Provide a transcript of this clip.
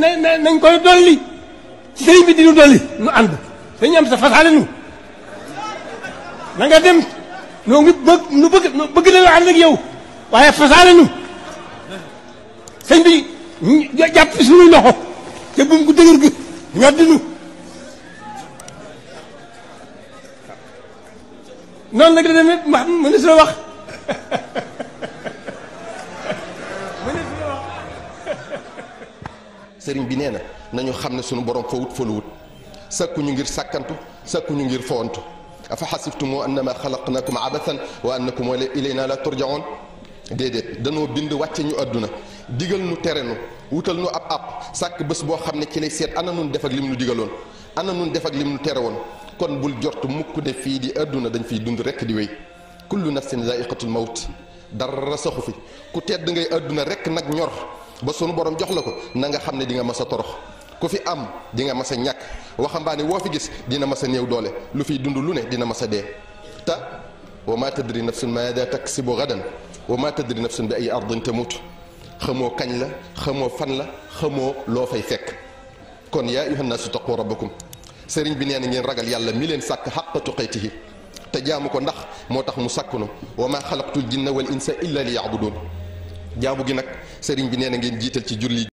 na na nañ koy dolli bi di nu dolli nu ànd nga dem noo ngi bëgg nu bëgg bëgg nañu ànd ak yow waaye fasaale nu sëñ bi jàpp suñuy loxo te bu mu ko dëgër gi ñor di nu noonu la demee ma mënees la mënees la sëriñ bi nee na nañu xam ne sunu borom fawut faluwut sakku ñu ngir sàkkantu sakku ñu ngir fowantu afa xasibtumu annama xalaqnakum abathan wa annakum ilayna la turjaun déedéet danoo bind wàcce ñu àdduna digal nu tere nu wutal nu ab ab sàkk bés boo xam ne ci lay seet ana nun def ak lim nu digaloon ana nun def ak lim nu tere woon kon bul jort mukk ne fii di àdduna dañ fiy dund rekk di wéy kullu nafsin zaiqatul mawt dara saxu fi ku tedd ngay àdduna rekk nag ñor ba sunu borom jox la ko na nga xam di nga mas torox ku fi am di nga mas a ñàkk waxambaane woo fi gis dina mas a néew doole lu fiy dund lu ne dina mas a dee te wa ma tadri nafsun maada taksibu gadan wa ma tadri nafsun bi ay ardin tamut xamoo kañ la xamoo fan la xamoo loo fay fekk kon yaa ayuha nnaasu taqu rabbakum sëriñ bi nee na ngeen ragal yàlla mi leen sàkk xaqa tuqaytihi te jaamu ko ndax moo mu sàkkunu wa ma xalaqtul jinna wal insa illa li jaamu gi nag sëriñ bi nee na ngeen jiital ci julli